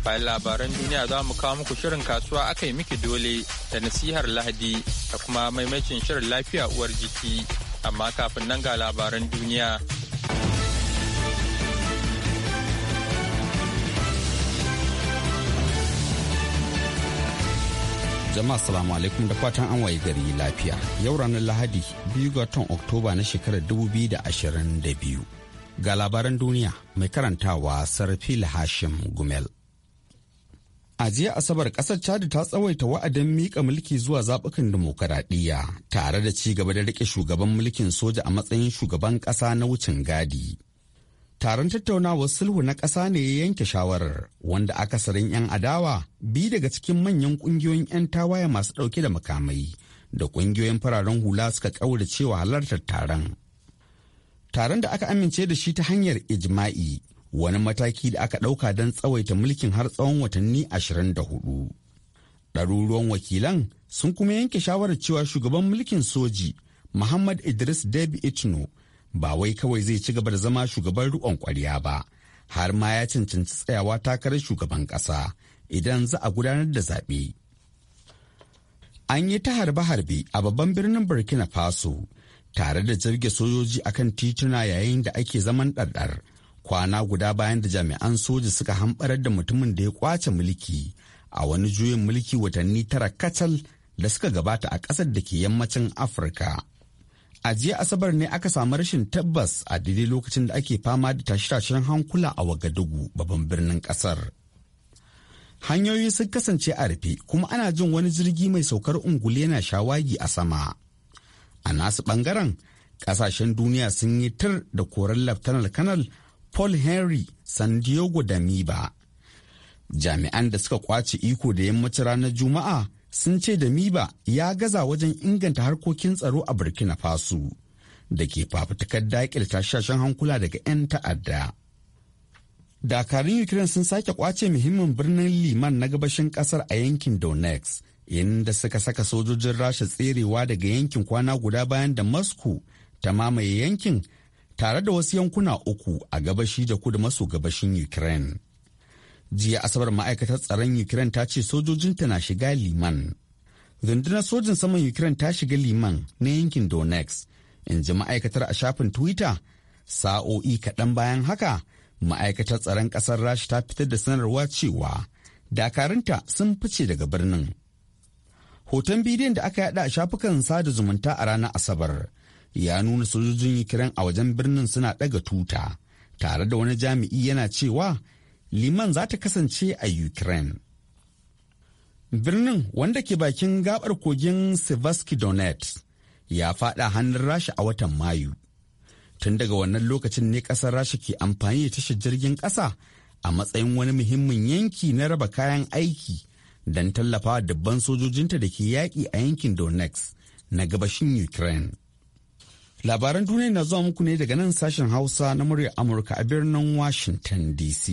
Bayan labaran duniya za mu kawo muku shirin kasuwa aka yi miki dole da nasihar Lahadi da kuma maimacin shirin lafiya uwar jiki. Amma kafin nan ga labaran duniya. Jama'a salamu alaikum da fatan an waye gari lafiya. Yau ranar Lahadi biyu ga watan Oktoba na shekarar 2022. Ga labaran duniya mai karantawa Sarfil Hashim Gumel. A jiya Asabar kasar Chad ta tsawaita wa'adin mika mulki zuwa zaɓukan dimokuraɗiyya tare da ci gaba da riƙe shugaban mulkin soja a matsayin shugaban ƙasa na wucin gadi. Taron tattaunawar sulhu na ƙasa ne ya yanke shawarar wanda akasarin 'yan adawa bi daga cikin manyan ƙungiyoyin 'yan tawaye masu ɗauke da makamai da ƙungiyoyin fararen hula suka ƙaura cewa halartar taron. Taron da aka amince da shi ta hanyar ijma'i wani mataki da aka ɗauka don tsawaita mulkin har tsawon watanni 24. Ɗaruruwan wakilan sun kuma yanke shawarar cewa shugaban mulkin soji Muhammad Idris Deby Itno ba wai kawai zai ci gaba da zama shugaban ruwan kwarya ba, har ma ya cancanci tsayawa takarar shugaban ƙasa idan za a gudanar da zaɓe. An yi ta harbe-harbe a babban birnin Burkina Faso tare da jirge sojoji akan tituna yayin da ake zaman ɗarɗar kwana guda bayan da jami'an soja suka hamɓarar da mutumin da ya kwace mulki a wani juyin mulki watanni tara kacal da suka gabata a ƙasar da ke yammacin afirka a jiya asabar ne aka samu rashin tabbas a daidai lokacin da ake fama da tashe-tashen hankula a wagadugu babban birnin ƙasar hanyoyi sun kasance a rufe kuma ana jin wani jirgi mai saukar ungulu yana shawagi a sama a nasu ɓangaren, ƙasashen duniya sun yi tir da koren laftanar kanal paul henry san diego da miba jami'an da suka kwace iko da yammacin ranar juma'a sun ce da miba ya gaza wajen inganta harkokin tsaro a burkina faso da ke fafutukar daƙil tashashen hankula daga 'yan ta'adda dakarun ukraine sun sake kwace muhimmin birnin liman na gabashin kasar a yankin donetsk inda suka saka sojojin rasha tserewa daga yankin kwana guda bayan da moscow ta mamaye yankin tare da wasu yankuna uku a gabashi da kudu maso gabashin Ukraine. Jiya Asabar ma'aikatar tsaron Ukraine ta ce sojojinta na shiga liman. Rundunar sojin saman Ukraine ta shiga liman na yankin donex in ji ma'aikatar a shafin Twitter, sa'o'i kaɗan bayan haka, ma'aikatar tsaron ƙasar Rasha ta fitar da sanarwa cewa dakarunta sun fice daga birnin. Hoton bidiyon da aka yada a shafukan sada zumunta a ranar Asabar. ya nuna sojojin kiran a wajen birnin suna ɗaga tuta tare da wani jami'i yana cewa liman za ta kasance a ukraine birnin wanda ke bakin gabar kogin sevaski donetsk ya fada hannun rasha a watan mayu tun daga wannan lokacin ne kasar rasha ke amfani da tashar jirgin kasa a matsayin wani muhimmin yanki na raba kayan aiki don tallafa dubban sojojinta da ke yaƙi a yankin donetsk na gabashin ukraine Labaran duniya na zuwa muku ne daga nan sashen Hausa na muryar Amurka a birnin Washington DC.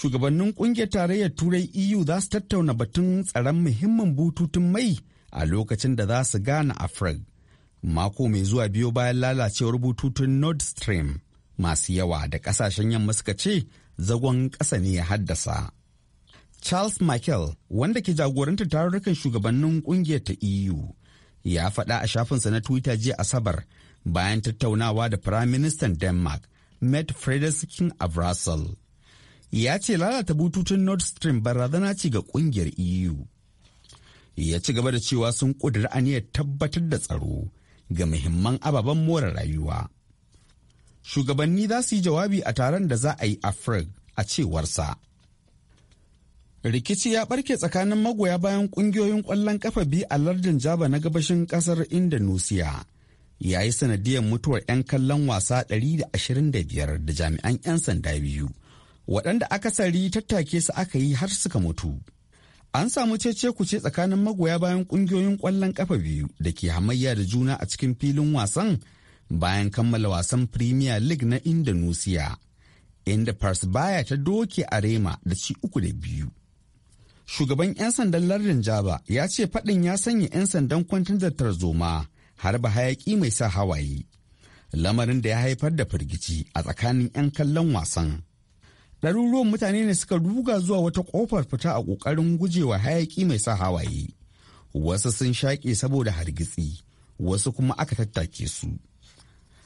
Shugabannin kungiyar tarayyar Turai EU za su tattauna batun tsaron muhimmin bututun mai a lokacin da za su gane a Mako mai zuwa biyu bayan lalacewar bututun Nord Stream masu yawa da kasashen yamma suka ce zagon ƙasa ne ya haddasa. Charles Michael, wanda ke jagorantar tarurrukan shugabannin kungiyar ta EU, ya faɗa a shafinsa na twitter jiya asabar bayan tattaunawa da Prime firaministan denmark met frederiksen Brussels. ya ce lalata bututun nord stream barazana ce ga ƙungiyar eu ya ci gaba da cewa sun ƙudiri aniyar tabbatar da tsaro ga muhimman ababen more rayuwa shugabanni za su yi jawabi a taron da za a yi a a cewarsa rikici ya barke tsakanin magoya bayan kungiyoyin kwallon kafa biyu a lardin jaba na gabashin kasar indonesia ya yi sanadiyar mutuwar 'yan kallon wasa 125 da jami'an 'yan sanda biyu waɗanda aka sari tattake su aka yi har suka mutu an samu cece kuce tsakanin magoya bayan kungiyoyin kwallon kafa biyu da ke hamayya da juna a cikin filin wasan bayan kammala wasan premier league na indonesia inda pars baya ta doke arema da ci uku da biyu Shugaban 'yan sandan lardin Jaba ya ce faɗin ya sanya 'yan sandan kwantar da tarzoma har ba hayaƙi mai sa hawaye. Lamarin da ya haifar da firgici a tsakanin 'yan kallon wasan. Ɗaruruwan mutane ne suka ruga zuwa wata ƙofar fita a ƙoƙarin gujewa hayaƙi mai sa hawaye. Wasu sun shaƙe saboda hargitsi, wasu kuma aka tattake su.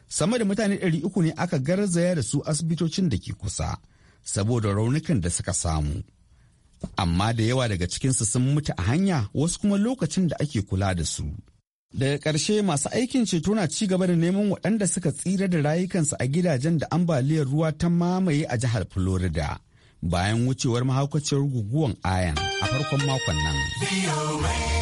sama da mutane 300 ne aka garzaya da su asibitocin da ke kusa saboda raunukan da suka samu. amma da yawa daga cikinsu sun mutu a hanya wasu kuma lokacin da ake kula da su. Daga ƙarshe masu aikin ceto na ci gaba da neman waɗanda suka tsira da rayukansu a gidajen da ambaliyar ruwa ta mamaye a jihar Florida bayan wucewar mahaukaciyar guguwan ayan a farkon makon nan.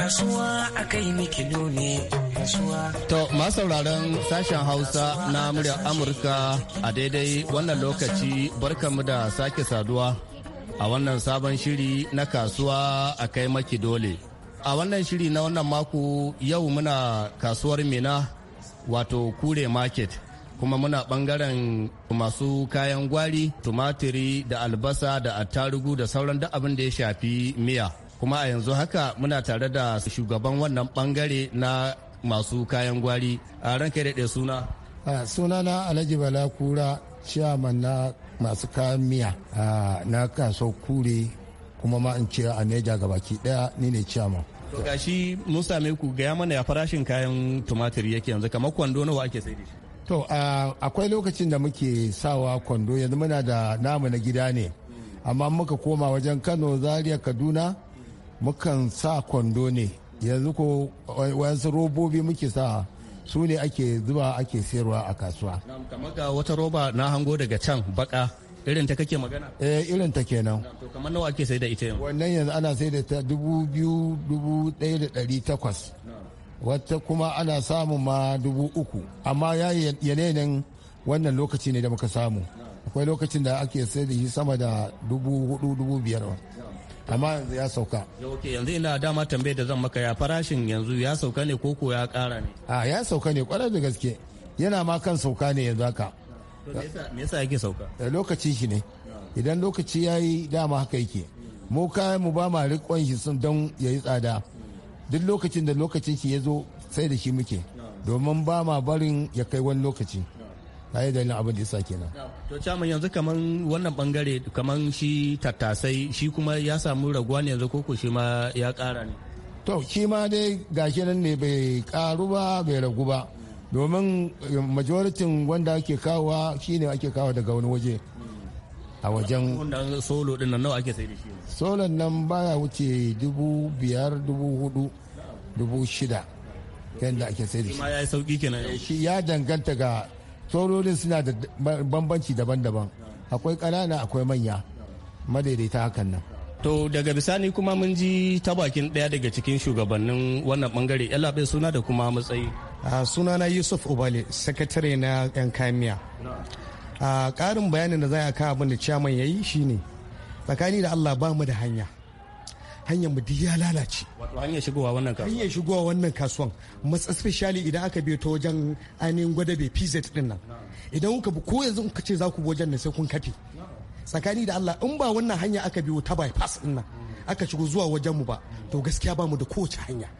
kasuwa a kai mikilo ne To masu sauraron sashen Hausa na muryar Amurka a daidai wannan lokaci barkamu da sake saduwa a wannan sabon shiri na kasuwa a kai maki dole. A wannan shiri na wannan mako yau muna kasuwar Mina wato Kure Market kuma muna bangaren masu kayan gwari, tumatiri da albasa da attarugu da sauran duk abin da ya shafi miya. kuma a yanzu haka muna tare da shugaban wannan bangare na masu kayan gwari a ranka daɗe suna suna na alhaji bala kura ciyaman na masu kayan miya na kaso kure kuma ma in ce a neja gabaki daya ni ne ciyaman to gashi mun same ku gaya mana ya farashin kayan tumatir yake yanzu kamar kwando nawa ake sai shi to akwai lokacin da muke sawa kwando yanzu muna da namu na gida ne amma muka koma wajen kano zaria kaduna mukan sa kwando ne yanzu ko wayansu robobi muke sa su ne ake zuba ake sayarwa a kasuwa kamar ga wata roba na hango daga can baka irin ta kake magana eh irin ta kenan to kamar nawa ake sayar da ita yanzu wannan yanzu ana sayar da ta dubu biyu dubu ɗaya da ɗari takwas wata kuma ana samun ma dubu uku amma ya yanayin wannan lokaci ne da muka samu akwai lokacin da ake sayar da shi sama da dubu hudu dubu biyar amma yanzu ya sauka okay yanzu ina dama tambayar da zan maka ya farashin yanzu ya sauka ne koko ya kara ne a ya sauka ne kwarai da gaske yana ma kan sauka ne yanzu haka me yasa yake sauka eh, lokacin shi ne idan lokaci ya yi dama haka yake mu kayan mu ba ma rikon shi sun don ya yi tsada duk lokacin da lokacin shi ya zo sai da shi muke domin ba ma barin ya kai wani lokaci na yi dalilin abin da ke kenan to chairman yanzu kaman wannan bangare kaman shi tattasai shi kuma ya samu raguwa ne yanzu koko shi ma ya kara ne to shi ma dai gashi nan ne bai karu ba bai ragu ba domin eh, majoritin wanda ake kawowa shine ake kawo daga wani waje a wajen solo din nan nawa ake sai da shi solo nan baya wuce dubu biyar dubu hudu dubu shida yadda ake sai da eh, shi ya danganta ga sororin suna da bambanci daban-daban akwai ƙanana akwai manya madaidaita hakan nan to daga bisani kuma mun ji ta bakin ɗaya daga cikin shugabannin wannan bangare yalaɓe suna da kuma matsayi sunana yusuf ubale sakatare na yan kamiya ƙarin bayanin da za a kawo abin da ciyaman ya yi shine tsakani da allah ba mu da hanya hanyar mu ya lalace wato hanyar shigowa wannan kasuwan hanyar shigowa wannan kasuwan especially idan aka bi ta wajen ainihin gwada bai pz din nan idan kuka ko yanzu kuka ce za ku wajen nan sai kun kafe tsakani da Allah in ba wannan hanya aka biyo ta bypass din nan mm. aka shigo zuwa wajen mu ba to gaskiya ba mu da kowace hanya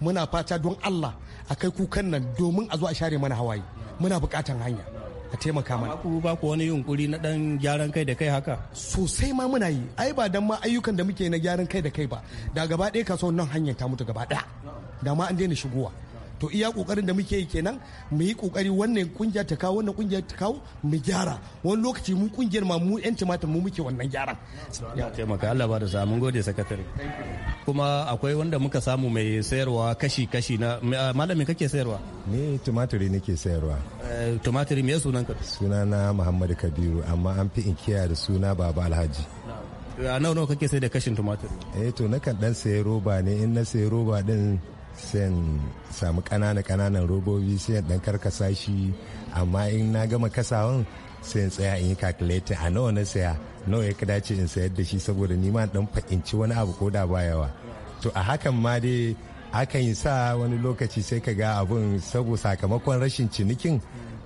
muna fata don Allah a kai kukan nan domin a zo a share mana hawaye muna bukatan hanya ka taimaka mana ku ba ku wani yunkuri na dan gyaran kai da kai haka sosai ma muna yi ai ba dan ma ayyukan da muke na gyaran kai da kai ba da gaba ɗaya kasuwar nan hanyar ta mutu gaba ɗaya da ma an daina shigowa to iya kokarin da muke yi kenan mu yi kokari wannan kungiya ta kawo wannan kungiya ta kawo mu gyara wani lokaci mu kungiyar ma mu yan tumatir mu muke wannan gyaran ya taimaka Allah ba da sa mun gode sakatare kuma akwai wanda muka samu mai sayarwa kashi kashi na ah, malami kake sayarwa ni tumatiri nake sayarwa eh, tumatiri me sunan ka sunana Muhammadu Kabiru amma an fi inkiya da suna Baba Alhaji a eh, nawa nawa kake sai da kashin tumatir eh to nakan dan sayi roba ne in na sayi roba din sai samu kanana kananan robobi sai dan karkasa shi amma in na gama kasawan sai in tsaya in yi calculating a nawa na saya nawa ya dace in sayar da shi saboda nima ma dan fahimci wani abu ko da ba to a hakan ma dai akan yi sa wani lokaci sai ka ga abun saboda sakamakon rashin cinikin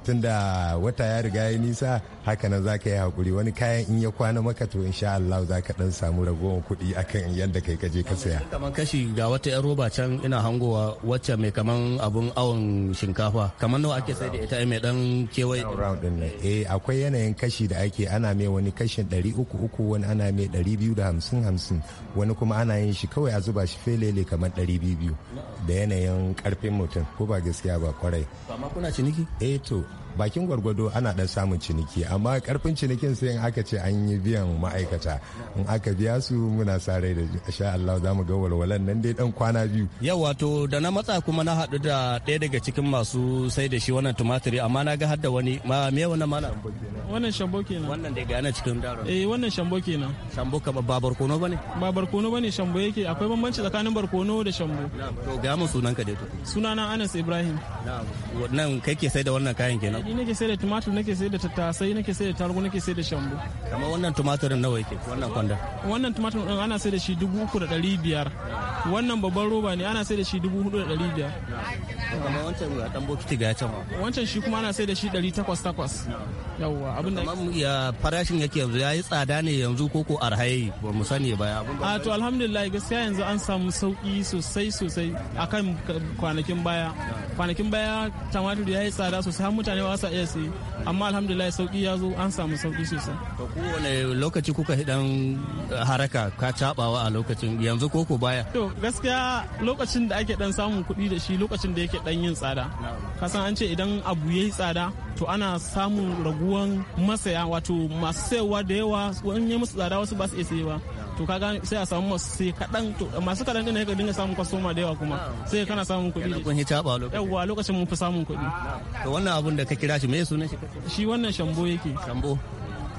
tunda wata ya riga ya nisa haka nan zaka yi hakuri wani kayan in ya kwana maka to insha Allah za ka dan samu ragowar kuɗi akan yadda kai ka je ka saya kaman kashi ga wata yar roba can ina hangowa wacce mai kaman abun awon shinkafa kaman nawa ake sai da ita mai dan kewaye eh akwai yanayin kashi da ake ana mai wani kashin ɗari uku uku wani ana mai ɗari biyu da hamsin hamsin wani kuma ana yin shi kawai a zuba shi felele kamar ɗari biyu biyu da yanayin karfin mutum ko ba gaskiya ba kwarai. ma kuna ciniki? Eh to bakin gwargwado ana dan samun ciniki amma karfin cinikin sai in aka ce an yi biyan ma'aikata in aka biya su muna sa rai da sha Allah za mu ga walwalan nan dai dan kwana biyu yau wato da na matsa kuma na haɗu da ɗaya daga cikin masu sai da shi wannan tumatiri amma na ga har da wani ma me wannan mana wannan shambo kenan wannan da ga cikin daro eh wannan shambo kenan shambo ka ba barkono bane ba barkono bane shambo yake akwai bambanci tsakanin barkono da shambo to ga mu sunan ka dai to sunana Anas Ibrahim na'am wannan kai ke sai da wannan kayan kenan Ni nake sai da tumatur nake sai da tattasai nake sai da tarugu nake sai da shambu. Kamar wannan tumaturin nawa yake wannan kwandon? Wannan tumatur din ana sai da shi dubu uku da ɗari biyar. Wannan babban roba ne ana sai da shi dubu hudu da ɗari biyar. Kamar wancan ɗan bokiti ga ya can. Wancan shi kuma ana sai da shi ɗari takwas takwas. yawwa abin da ya farashin yake yanzu yayi tsada ne yanzu ko ko arhaye ba mu sani ba a to alhamdulillah gaskiya yanzu an samu sauki sosai sosai akan kwanakin baya kwanakin baya ya yayi tsada sosai har mutane ba sa iya sai amma alhamdulillah sauki ya zo an samu sauki sosai to kowane lokaci kuka hidan haraka ka cabawa a lokacin yanzu ko ko baya to gaskiya lokacin da ake dan samun kuɗi da shi lokacin da yake dan yin tsada kasan an ce idan abu yayi tsada to ana samun raguwan masaya wato masu sayarwa da yawa wani ne musu tsada wasu ba su iya sayewa to ga sai a samu masu sai kaɗan to masu kaɗan ɗin ka dinga samun kwasoma da yawa kuma sai kana samun kuɗi kun hita ba lokacin yawa lokacin mun fi samun kuɗi to wannan abun da ka kira shi me sunan shi shi wannan shambo yake shambo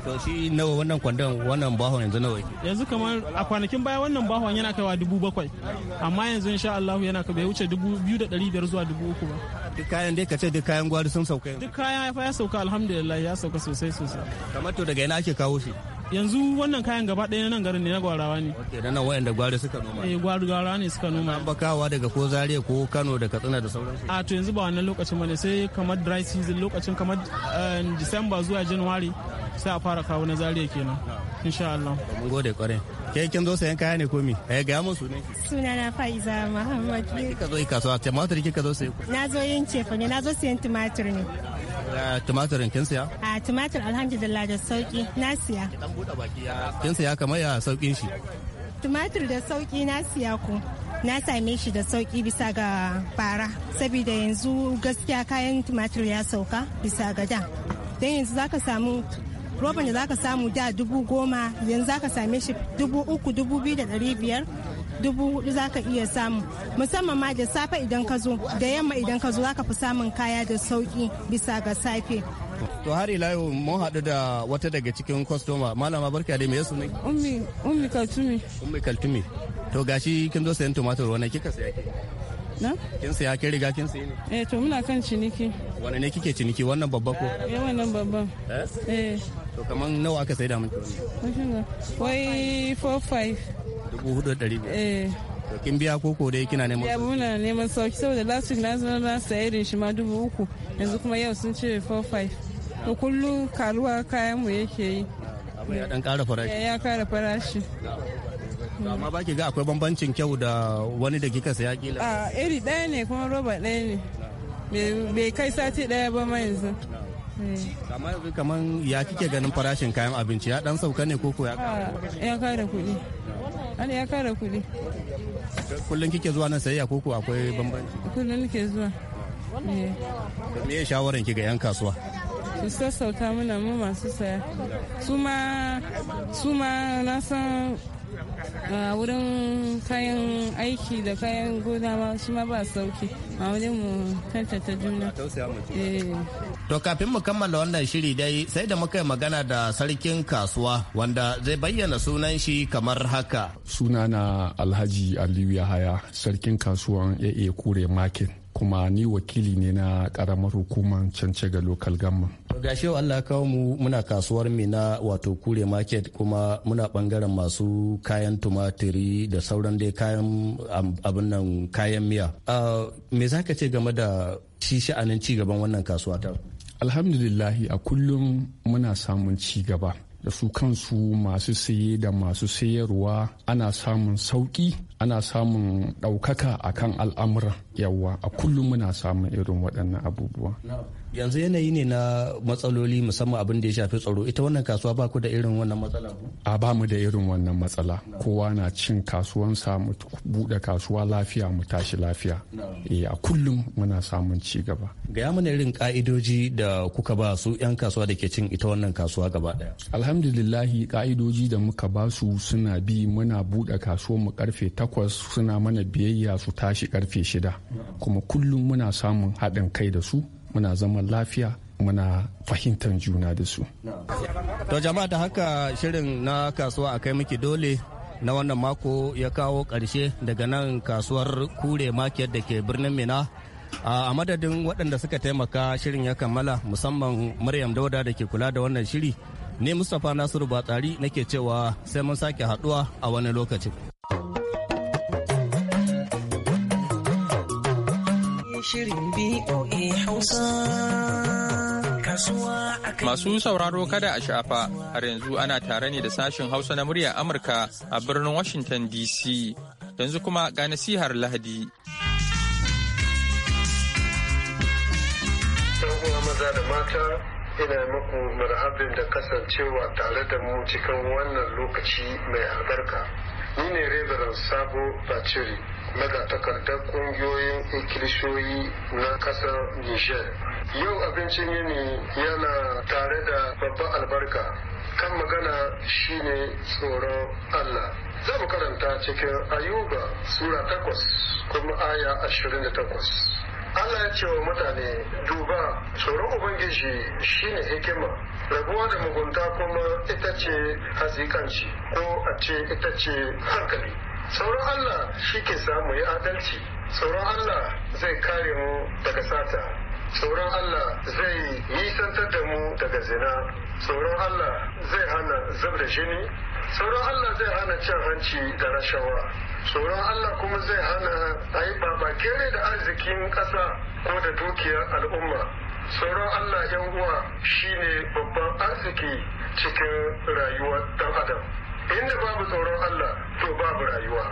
to shi nawa wannan kwandon wannan bahon yanzu nawa yanzu kamar a kwanakin baya wannan bahon yana kaiwa dubu bakwai amma yanzu insha Allah yana kai bai wuce dubu biyu da ɗari biyar zuwa dubu uku ba duk kayan dai ka ce duk kayan gwari sun sauka duk kayan ya sauka alhamdulillah ya sauka sosai sosai kamar to daga ina ake kawo shi yanzu wannan kayan gaba ɗaya na nan garin ne na gwarawa ne. Ok, da nan wayan da gwari suka noma. Eh, gwari gwarawa ne suka noma. An bakawa daga ko Zaria ko Kano da Katsina da sauransu. A to yanzu ba wannan lokacin bane sai kamar dry season lokacin kamar eh, December zuwa January sai a fara kawo na zariya kenan insha Allah mun gode kware ke kin zo sayan kaya ne ko mi eh ga mu sunan suna na Faiza Muhammad ki kika zo kasuwa ki kika zo sayo na zo yin cefa ne na zo sayan tumatir ne tumatirin kin siya? A tumatir alhamdulillah da sauki na siya. Dan bude baki ya kin siya kamar ya saukin shi. Tumatir da sauki na siya ko. na same shi da sauki bisa ga fara, saboda yanzu gaskiya kayan tumatir ya sauka bisa ga da don yanzu za ka samu roban da zaka samu da dubu goma yanzu zaka same shi dubu uku dubu biyu da ɗari biyar dubu hudu zaka iya samu musamman ma da safe idan ka zo da yamma idan ka zo zaka fi samun kaya da sauki bisa ga safe to har ila yau mun haɗu da wata daga cikin kwastoma malama barka dai mai yasu ne ummi ummi kaltumi ummi kaltumi to gashi kin zo sayan tumatur wani kika saya ke na kin saya kin riga kin sayi ne eh to muna kan ciniki wani ne kike ciniki wannan babba ko Ya eh, wannan babban eh? eh to kaman nawa aka saida miki wannan wai 45 dubu hudu da ɗari eh kin biya koko dai kina neman ya muna neman sauki saboda last week na zo na saya irin shi ma dubu uku yanzu kuma yau sun ce 45 to kullu karuwa kayan mu yake yi ah, ya dan kara farashi ya kara farashi amma ba ki ga akwai bambancin kyau da wani da kika saya kila a ah, iri ɗaya ne kuma roba ɗaya ne bai kai sati daya ba ma yanzu eh. kamar ya kike ganin farashin kayan abinci ya dan sauka ne ko ya ah, ya kara kuɗi ana ya kara kuɗi kullum kike zuwa nan sayayya koko akwai bambanci kullum kike zuwa eh. me ya shawaran ki ga yan kasuwa su sassauta mana mu masu saya su ma na san a wurin kayan aiki da kayan gona ma shi ma ba sauki a wajen mu tantata juna eh. to kafin mu kammala wannan shiri dai sai da muka yi magana da sarkin kasuwa wanda zai bayyana sunan shi kamar haka sunana alhaji aliyu yahaya sarkin kasuwan AA kure makin. kuma ni wakili ne na karamar hukumar ga local government gashi Allah kawo mu muna kasuwar na wato kure market kuma muna bangaren masu kayan tumatiri da sauran dai kayan abin nan kayan miya ah, me za ka ce game da shi sha'anin gaban wannan kasuwa ta alhamdulillahi a kullum muna samun ci gaba da su kansu masu saye da masu sayarwa ana samun sauki ana samun ɗaukaka akan al'amura yawa a kullum muna samun irin waɗannan abubuwa. yanzu yanayi ne na matsaloli musamman abin da ya shafi tsaro ita wannan kasuwa ba ku da irin wannan matsala a ba mu da irin wannan matsala kowa na cin kasuwansa mu bude kasuwa lafiya mu tashi lafiya eh, a kullum muna samun ci gaba gaya mana irin ka'idoji da kuka ba su 'yan kasuwa da ke cin ita wannan kasuwa gaba daya alhamdulillahi ka'idoji da muka ba su suna bi muna bude kasuwar mu karfe takwas suna mana biyayya su tashi karfe shida kuma kullum muna samun haɗin kai da su muna zaman lafiya muna fahimtar juna da su. To jama'a da haka shirin na kasuwa a kai miki dole na wannan mako ya kawo ƙarshe daga nan kasuwar kure market da ke birnin Mina. a madadin waɗanda suka taimaka shirin ya kammala musamman Maryam Dauda da ke kula da wannan shiri ne Mustapha Nasiru Batsari nake cewa sai mun sake haɗuwa a wani lokacin. shirin BOA Hausa. Masu sauraro kada a shafa, har yanzu ana tare ne da sashin Hausa na murya Amurka a birnin Washington DC. Yanzu kuma ga nasihar Lahadi. maza da mata ina muku marhabin da kasancewa tare da mu cikin wannan lokaci mai albarka. Ni ne Reverend Sabo Baciri. na magatakardar kungiyoyin ikilshoyi na kasar niger yau abincin yini yana tare da babban albarka kan magana shine tsoron allah za mu karanta cikin ayuba sura takwas kuma aya ashirin da takwas Allah ya ce wa mutane duba tsoron Ubangiji shine hikima rabuwa da mugunta kuma ita ce hazikanci ko a ce ita ce hankali sauran allah shi ke samu ya adalci sauran allah zai kare mu daga sata sauran allah zai nisantar da mu daga zina sauran allah zai hana zub da jini sauran allah zai hana cin hanci da rashawa sauran allah kuma zai hana a yi babakere da arzikin ƙasa ko da dukiyar al'umma sauran Allah yan uwa shine babban arziki cikin rayuwar dan adam inda babu tsoron Allah to babu rayuwa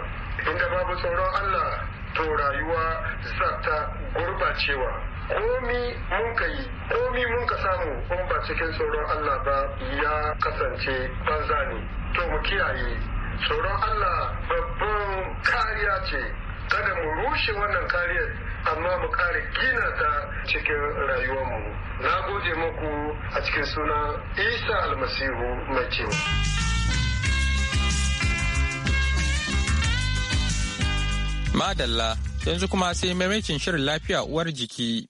inda babu tsoron Allah to rayuwa za ta gurbacewa komi mun ka yi komi mun ka samu in ba cikin tsoron Allah ba ya kasance banza ne to mu kiyaye tsoron Allah babban kariya ce kada mu rushe wannan kariyar amma mu kare gina ta cikin mu na gode muku a cikin sunan isa almasihu mai cewa Madalla yanzu kuma sai maimakin shirin lafiya uwar jiki.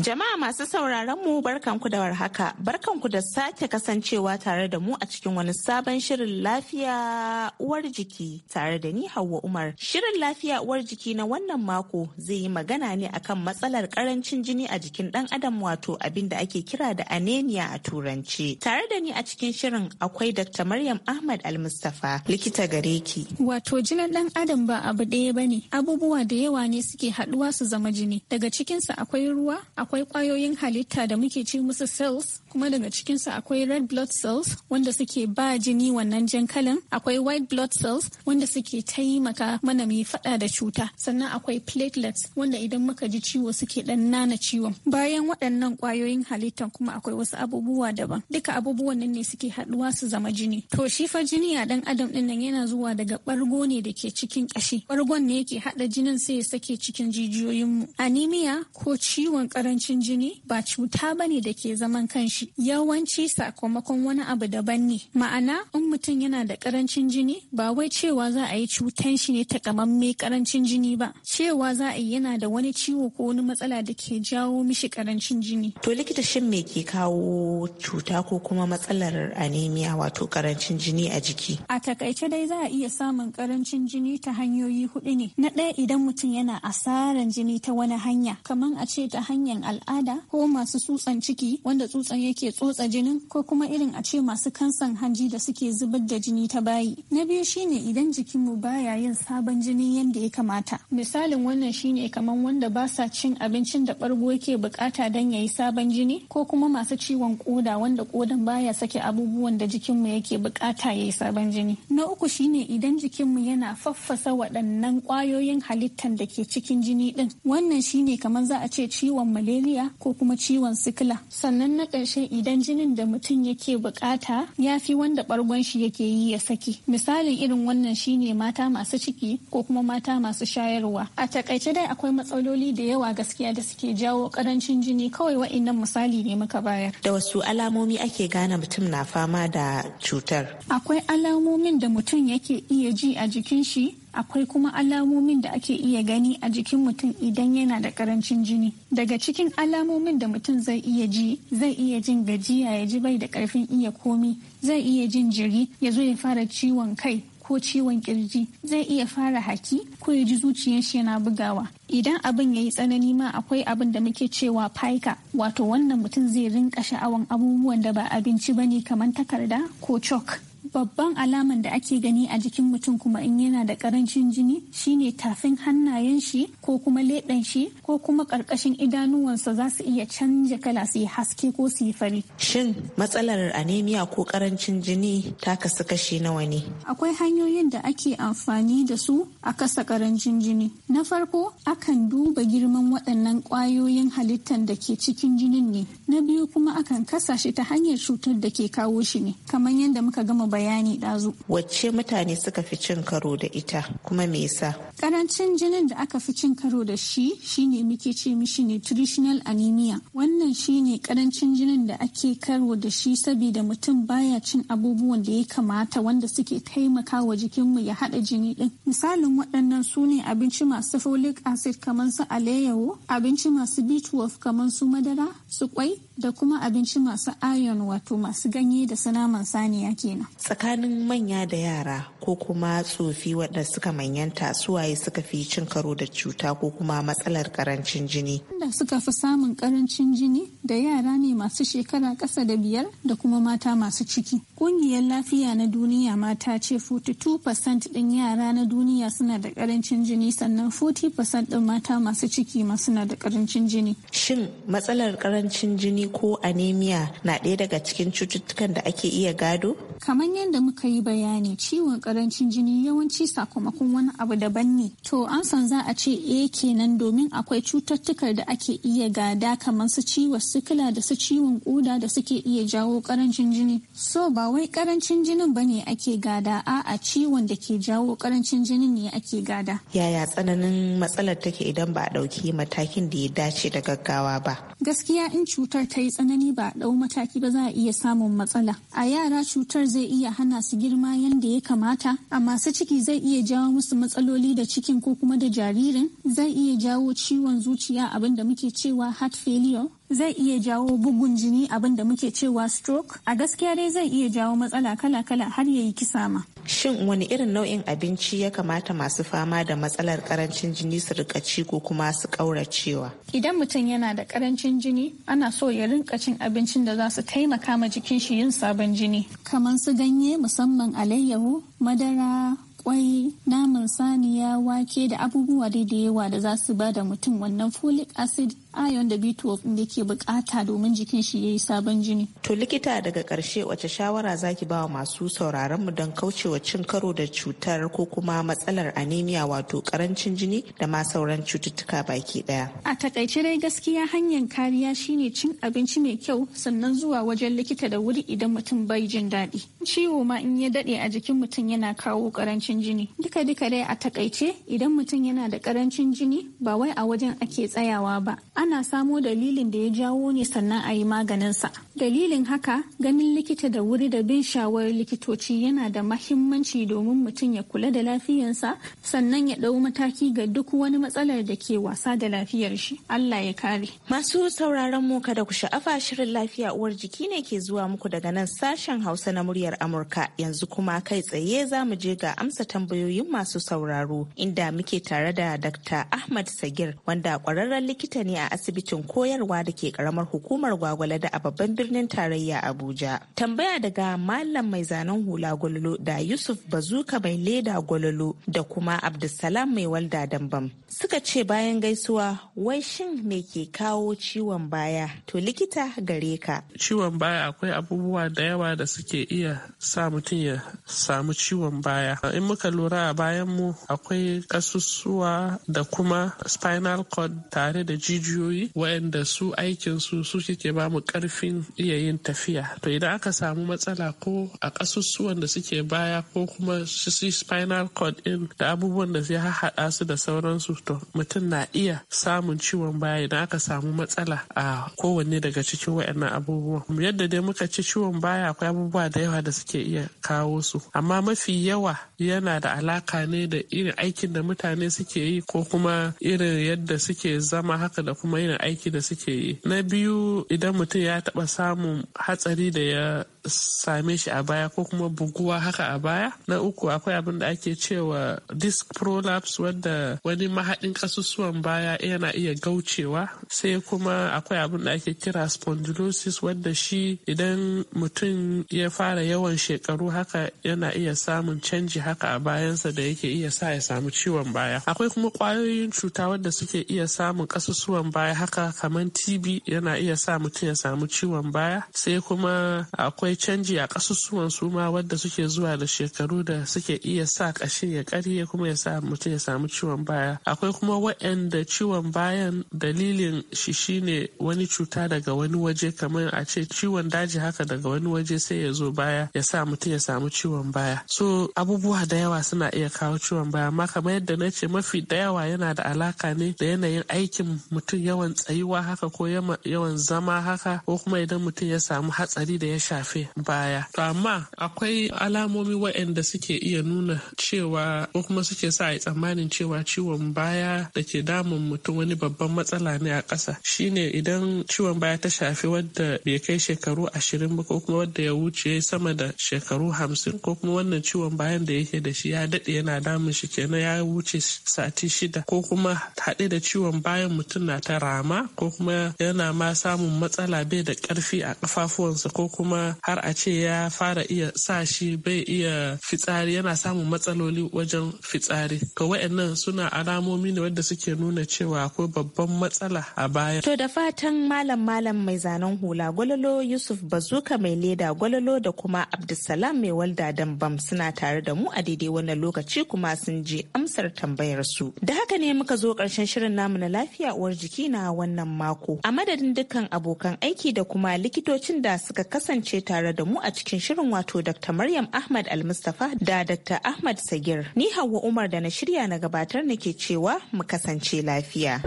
Jama'a masu sauraron mu barkanku da warhaka, barkanku da sake kasancewa tare da mu a cikin wani sabon shirin lafiya uwar jiki tare da ni Hauwa Umar. Shirin lafiya uwar jiki na wannan mako zai yi magana ne akan matsalar karancin jini a jikin ɗan adam wato abin da ake kira da anemia a turanci. Tare da ni a cikin shirin akwai Dr. Maryam Ahmad Al-Mustafa likita gare ki. Wato jinin ɗan adam ba abu ɗaya bane, abubuwa da yawa ne suke haɗuwa su zama jini. Daga cikinsa akwai ruwa, akwai kwayoyin halitta da muke ci musu cells kuma daga cikinsu akwai red blood cells wanda suke ba jini wannan jan kalan akwai white blood cells wanda suke taimaka mana mai fada da cuta sannan akwai platelets wanda idan muka ji ciwo suke dan nana ciwon bayan waɗannan kwayoyin halittan kuma akwai wasu abubuwa daban duka abubuwan nan ne suke haɗuwa su zama jini to shi fa jini a dan adam din nan yana zuwa daga ɓargo ne da ke cikin ƙashi bargon ne yake haɗa jinin sai ya sake cikin jijiyoyinmu anemia ko ciwon ƙaranci karancin jini ba cuta ba ne da ke zaman kanshi yawanci sakamakon wani abu daban ne ma'ana in mutum yana da karancin jini ba wai cewa za a yi cutan shi ne takamamme karancin jini ba cewa za a yi yana da wani ciwo ko wani matsala da ke jawo mishi karancin jini to likita shin me ke kawo cuta ko kuma matsalar anemia wato karancin jini a jiki a takaice dai za a iya samun karancin jini ta hanyoyi hudu ne na ɗaya idan mutum yana asaran jini ta wani hanya kamar a ce ta hanyar al'ada ko masu tsutsan ciki wanda tsutsan yake tsotsa jinin ko kuma irin a ce masu kansan hanji da suke zubar da jini ta bayi. Na biyu shine idan jikinmu baya yin sabon jini yadda ya kamata. Misalin wannan shine kamar wanda ba sa cin abincin da bargo yake bukata don yayi sabon jini ko kuma masu ciwon koda wanda kodan baya sake abubuwan da jikinmu yake bukata yayi sabon jini. Na uku shine idan jikinmu yana faffasa waɗannan kwayoyin halittan da ke cikin jini ɗin. Wannan shine kamar za a ce ciwon malaria malaria ko kuma ciwon sikila sannan na ƙarshe idan jinin da mutum yake bukata ya fi wanda bargon shi yake yi ya saki misalin irin wannan shine mata masu ciki ko kuma mata masu shayarwa a takaice dai akwai matsaloli da yawa gaskiya da suke jawo karancin jini kawai wa'innan misali ne muka bayar da wasu alamomi ake gane mutum na fama da cutar akwai alamomin da mutum yake iya ji a jikin shi akwai kuma alamomin da ake iya gani a jikin mutum idan yana da karancin jini daga cikin alamomin da mutum zai iya ji zai iya jin gajiya ya ji bai da karfin iya komi zai iya jin jiri ya zo ya fara ciwon kai ko ciwon kirji zai iya fara haki ko ya ji zuciyar shi yana bugawa idan abin ya yi tsanani ma akwai abin da muke cewa paika wato wannan mutum zai rinka sha'awan abubuwan da ba abinci bane kamar takarda ko chalk babban alaman da ake gani a jikin mutum kuma in yana da karancin jini shine tafin hannayen shi ko kuma leɗen shi ko kuma ƙarƙashin idanuwansa za su iya canja kala su yi haske ko su yi fari. Shin matsalar anemia ko ƙarancin jini ta kasu kashi nawa ne? Akwai hanyoyin da ake amfani da su a kasa ƙarancin jini. Na farko akan duba girman waɗannan ƙwayoyin halittan da ke cikin jinin ne. Na biyu kuma akan kasa shi ta hanyar cutar da ke kawo shi ne. Kamar yadda muka gama bayani ɗazu. Wacce mutane suka fi cin karo da ita kuma me yasa? Karancin jinin da aka fi cin karo da shi shine muke ce mishi nutritional anemia. Wannan shine karancin jinin da ake karo da shi saboda mutum baya cin abubuwan da ya kamata wanda suke taimaka wa jikinmu ya haɗa jini ɗin. Misalin waɗannan su ne abinci masu folic acid kamar su alayyawo, abinci masu B12 kamar su madara, su kwai, da kuma abinci masu iron wato masu ganye da sanaman saniya kenan. Tsakanin manya da yara ko kuma tsofi waɗanda suka manyanta suwaye suka fi cin karo da cuta ko kuma matsalar karancin jini. Da suka fi samun karancin jini da yara ne masu shekara ƙasa da biyar da kuma mata masu ciki. Ƙungiyar lafiya na duniya mata ce 42% din yara na duniya suna da karancin jini sannan 40% din mata masu ciki ma suna da karancin jini. Shin matsalar karancin jini ko anemia na ɗaya daga cikin cututtukan da ake iya gado? Kamar yadda muka yi bayani ciwon karancin jini yawanci sakamakon wani abu daban ne. To an san za a ce eh kenan domin akwai cututtukar da ake iya gada kamar su ciwon sikila da su ciwon ƙuda da suke iya jawo karancin jini. So ba wai karancin jinin bane ake gada a'a ciwon da ke jawo karancin jini ne ake gada. Yaya tsananin matsalar take idan ba a ɗauki matakin da ya dace da gaggawa ba? Gaskiya in cutar ta ta yi tsanani ba a ɗau mataki ba za a iya samun matsala. A yara cutar zai iya hana su girma yadda ya kamata, a masu ciki zai iya jawo musu matsaloli da cikin ko kuma da jaririn, zai iya jawo ciwon zuciya abinda muke cewa heart failure, zai iya jawo bugun jini abin da muke cewa stroke a gaskiya dai zai iya jawo matsala kala-kala har ya yi kisa ma. Shin wani irin nau'in abinci ya kamata masu fama da matsalar karancin jini su rika ci ko kuma su kauracewa? Idan mutum yana da karancin jini ana so ya rinka cin abincin da za su taimaka ma jikin shi yin sabon jini. Kamar su ganye musamman alayyahu, madara, kwai naman saniya wake da abubuwa da yawa da za su ba da mutum wannan folic acid Ion ah, da B12 da ke bukata domin jikin shi ya yi sabon jini. To likita daga karshe wace shawara zaki ba masu sauraron mu don kaucewa cin karo da cutar ko kuma matsalar anemia wato karancin jini da ma sauran cututtuka baki daya. A takaice dai gaskiya hanyar kariya shine cin abinci mai kyau sannan zuwa wajen likita da wuri idan mutum bai jin daɗi. Ciwo ma in ya daɗe a jikin mutum yana kawo karancin jini. Duka duka dai a takaice idan mutum yana da karancin jini ba wai a wajen ake tsayawa ba. ana samo dalilin da ya jawo ne sannan a yi maganinsa. Dalilin haka ganin likita da wuri da bin shawarar likitoci yana da mahimmanci domin mutum ya kula da lafiyarsa sannan ya ɗau mataki ga duk wani matsalar da ke wasa da lafiyar shi. Allah ya kare. Masu sauraron mu kada ku sha'afa shirin lafiya uwar jiki ne ke zuwa muku daga nan sashen Hausa na muryar Amurka yanzu kuma kai tsaye za mu je ga amsa tambayoyin masu sauraro inda muke tare da Dr. Ahmad Sagir wanda ƙwararren likita ne a asibitin koyarwa da ke karamar hukumar gwagwalada a babban birnin tarayya Abuja. Tambaya daga Malam mai zanen hula gwalolo da Yusuf Bazuka mai leda gwalolo da kuma Abdulsalam mai walda dambam. Suka ce bayan gaisuwa wai shin me ke kawo ciwon baya? To likita gare ka. Ciwon baya akwai abubuwa da yawa da suke iya sa mutum ya samu ciwon baya. In muka lura a bayan mu akwai ƙasusuwa da kuma spinal cord tare da jijiyo. ƙungiyoyi waɗanda su aikinsu su suke ba mu ƙarfin iya yin tafiya to idan aka samu matsala ko a ƙasusuwan da suke baya ko kuma su spinal cord in da abubuwan da ya haɗa su da sauransu to mutum na iya samun ciwon baya idan aka samu matsala a kowanne daga cikin waɗannan abubuwan yadda dai muka ci ciwon baya akwai abubuwa da yawa da suke iya kawo su amma mafi yawa yana da alaka ne da irin aikin da mutane suke yi ko kuma irin yadda suke zama haka da kuma kuma yin aiki da suke yi na biyu idan mutum ya taɓa samun hatsari da ya same shi a baya ko kuma buguwa haka a baya na uku akwai abin da ake cewa disk prolapse wadda wani mahaɗin ƙasusuwan baya yana iya gaucewa sai kuma akwai abin da ake kira spondylosis wadda shi idan mutum ya fara yawan shekaru haka yana iya samun canji haka a bayansa da yake iya sa ya samu ciwon baya akwai kuma kwayoyin cuta wadda suke iya samun kasusuwan baya haka kamar tb yana iya sa mutum ya samu ciwon baya sai kuma akwai akwai canji a ƙasusuwan su ma wadda suke zuwa da shekaru da suke iya sa ƙashin ya ƙarye kuma ya sa mutum ya samu ciwon baya akwai kuma waɗanda ciwon bayan dalilin shi shine wani cuta daga wani waje kamar a ce ciwon daji haka daga wani waje sai ya zo baya ya sa mutum ya samu ciwon baya so abubuwa da yawa suna iya kawo ciwon baya amma kamar yadda na ce mafi da yawa yana da alaka ne da yanayin aikin mutum yawan tsayuwa haka ko yawan zama haka ko kuma idan mutum ya samu hatsari da ya shafe rufe baya to amma akwai alamomi waɗanda suke iya nuna cewa ko kuma suke sa a yi tsammanin cewa ciwon baya da ke damun mutum wani babban matsala ne a ƙasa shine idan ciwon baya ta shafi wadda bai kai shekaru ashirin ba ko kuma wadda ya wuce sama da shekaru hamsin ko kuma wannan ciwon bayan da yake da shi ya daɗe yana damun shi kenan ya wuce sati shida ko kuma haɗe da ciwon bayan mutum na ta rama ko kuma yana ma samun matsala bai da ƙarfi a ƙafafuwansa ko kuma har a ce ya fara iya sa shi bai iya fitsari yana samun matsaloli wajen fitsari ga wayannan suna alamomi ne wadda suke nuna cewa akwai babban matsala a baya to da fatan malam malam mai zanen hula gwalolo yusuf bazuka mai leda gwalolo da kuma abdulsalam mai walda dambam suna tare da mu a daidai wannan lokaci kuma sun je amsar tambayar su da haka ne muka zo karshen shirin namu na lafiya uwar jiki na wannan mako a madadin dukkan abokan aiki da kuma likitocin da suka kasance tare tare da mu a cikin shirin wato Dr. Maryam Ahmad al Almustafa da Dr. Ahmad Sagir. Ni Hauwa Umar da na shirya na gabatar nake cewa mu kasance lafiya.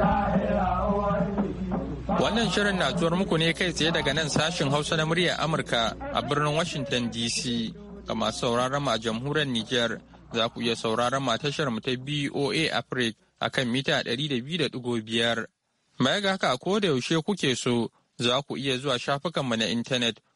Wannan shirin na zuwar muku ne kai tsaye daga nan sashin Hausa na muryar Amurka a birnin Washington DC ga masu sauraron mu a jamhuriyar Nijar za ku iya sauraron ma tashar mu ta BOA Africa akan mita 200.5. Mai ga haka ko da yaushe kuke so za ku iya zuwa shafukanmu na intanet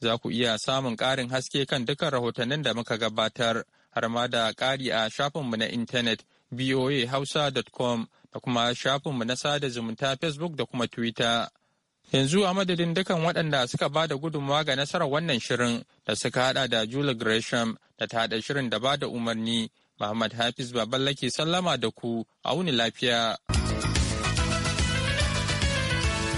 Za ku iya samun ƙarin haske kan dukkan rahotannin da muka gabatar har ma da kari a shafinmu na intanet voahausa.com da kuma shafinmu na sada zumunta Facebook da kuma Twitter. Yanzu a madadin dukan waɗanda suka ba da gudunmawa ga nasarar wannan shirin da suka haɗa da Julie Gresham da ta haɗa shirin da ba da umarni, Muhammad Hafiz Baballake sallama da ku, a wuni lafiya.